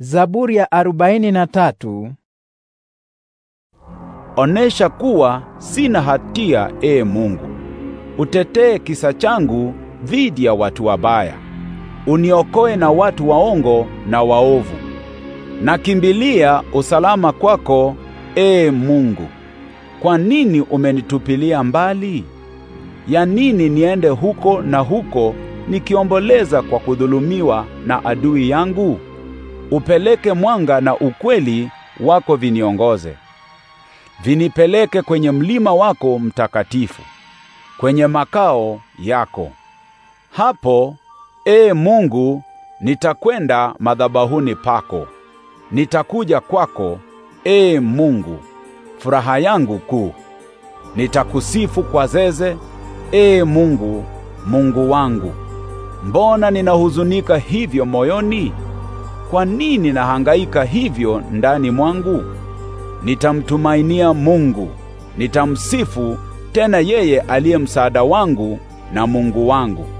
Zaburi ya arobaini na tatu. Onesha kuwa sina hatia, e Mungu. Utetee kisa changu dhidi ya watu wabaya. Uniokoe na watu waongo na waovu. Nakimbilia usalama kwako, ee Mungu. Kwa nini umenitupilia mbali? Ya nini niende huko na huko nikiomboleza kwa kudhulumiwa na adui yangu? upeleke mwanga na ukweli wako viniongoze. Vinipeleke kwenye mlima wako mtakatifu, kwenye makao yako. Hapo, ee Mungu, nitakwenda madhabahuni pako. Nitakuja kwako, ee Mungu, furaha yangu kuu. Nitakusifu kwa zeze, ee Mungu, Mungu wangu. Mbona ninahuzunika hivyo moyoni? kwa nini nahangaika hivyo ndani mwangu? Nitamtumainia Mungu, nitamsifu tena yeye aliye msaada wangu na Mungu wangu.